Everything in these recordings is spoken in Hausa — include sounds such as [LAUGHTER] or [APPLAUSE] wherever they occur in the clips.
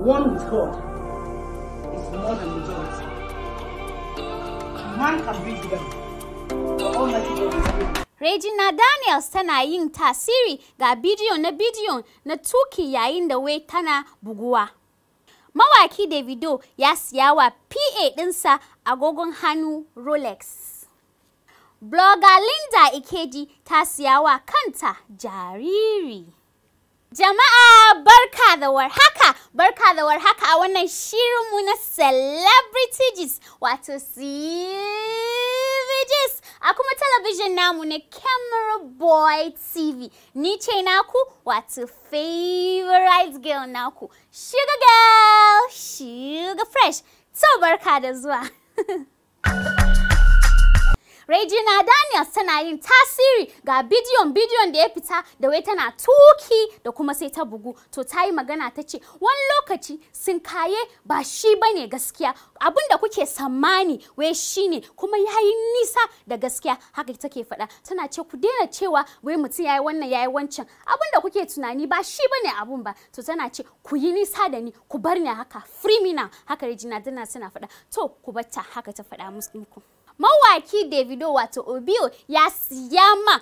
one with God is more than majority. Man can beat them, Regina Daniels tana yin tasiri ga bidiyo na bidiyo na tuki yayin da wai tana buguwa. Mawaki Davido ya siya wa PA ɗinsa agogon hannu Rolex. Blogger Linda Ikeji ta siya wa kanta jariri. Jama'a barka da warhaka, barka da warhaka a wannan shirinmu na Celebrity Gist wato CVGs a kuma talabijin namu na Camera Boy TV. Ni ce naku wato favorite girl naku, Sugar Girl, Sugar Fresh. So barka da zuwa. [LAUGHS] Regina Daniels tana yin tasiri ga bidiyon bidiyon da ya fita da wai tana tuki da kuma sai ta bugu to ta yi magana ta ce wani lokaci sun kaye ba shi ne gaskiya abin da kuke tsammani wai shi ne kuma yayi nisa da gaskiya haka take faɗa tana ce ku daina cewa wai mutum yayi wannan yi wancan abin da kuke tunani ba shi ne abun ba to tana ce ku yi nisa da ni ku bar ni haka free now haka Regina Daniels tana faɗa to ku batta haka ta faɗa musu mawaki davido wato obio ya siya ma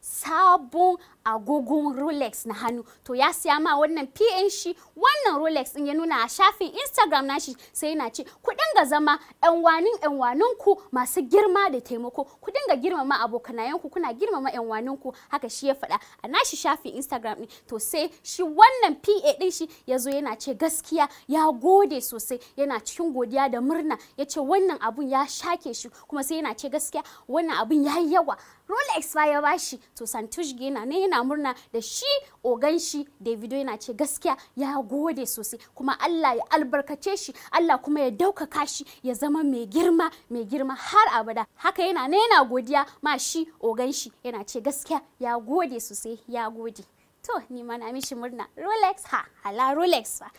sabon agogon rolex na hannu to ya siya ma wannan pn shi wannan rolex din ya nuna a shafin instagram nashi sai yana ce ku dinga zama yan wanin yan wanin masu girma da taimako ku dinga girmama abokanayen ku kuna girmama yan wanin ku haka shi ya faɗa a nashi shafin instagram din to sai shi wannan pa din shi ya zo yana ce gaskiya ya gode sosai yana cikin godiya da murna ya ce wannan abun ya shake shi kuma sai yana ce gaskiya wannan abun ya yawa rolex ba ya bashi to santush gena ne yana murna da shi ogan shi davido yana ce gaskiya ya gode sosai kuma allah ya albarkace shi allah kuma ya daukaka shi ya zama mai girma mai girma har abada haka yana na yana godiya ma shi ogan shi yana ce gaskiya ya gode sosai ya gode to ni ma na mishi murna rolex ha hala rolex ba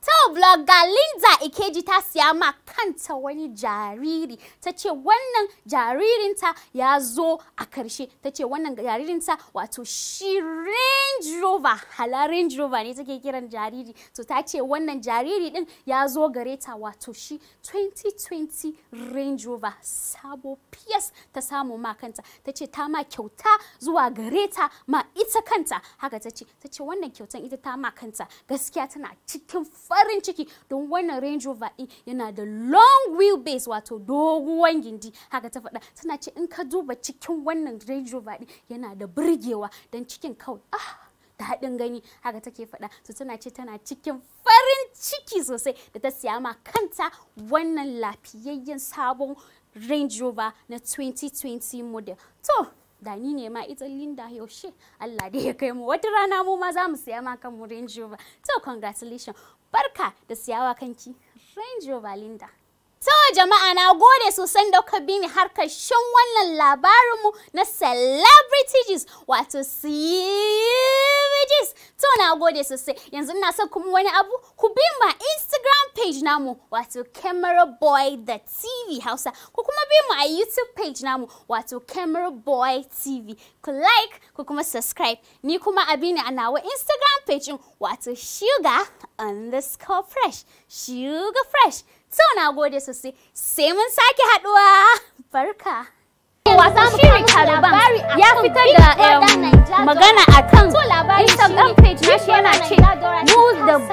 ta blogger Linda Ikeji ta siya ma kanta wani jariri. Ta ce wannan jaririnta ya zo a karshe. Ta ce wannan jaririnta wato shirin Range Rover hala Range Rover ne take kiran jariri to ta ce wannan jariri din ya zo gare ta wato shi 2020 Range Rover sabo PS ta samu ma kanta ta ce ta ma kyauta zuwa gare ta ma ita kanta haka ta ce ta ce wannan kyautan ita ta ma kanta gaskiya tana cikin farin ciki don wannan Range Rover din yana da long wheel base wato doguwan gindi haka ta faɗa tana ce in ka duba cikin wannan Range Rover din yana da burgewa don cikin kawai ah daɗin gani haka take faɗa to tana ce tana cikin farin ciki sosai da ta siya ma kanta wannan lafiyayyen sabon Range Rover na 2020 model. To, da ni ne ma ita Linda yaushe Allah da ya kai mu wata rana mu ma za mu siya ma kanmu Range Rover. To, congratulations. Barka da siyawa kanki Range Rover Linda. Tawa jama'a na gode sosan da kuka bi ni har karshen wannan labarinmu na Celebrity Wato, siyi pages to na gode sosai yanzu ina so kuma wani abu ku bi ma instagram page namu wato camera boy the tv hausa ku kuma bi mu a youtube page namu wato camera boy tv ku like ku kuma subscribe ni kuma abi ne a nawa instagram page wato sugar underscore fresh sugar fresh to na gode sosai sai mun sake haduwa barka fitowa samu kama taliban ya fitar da magana akan instagram page nashi yana ce mu da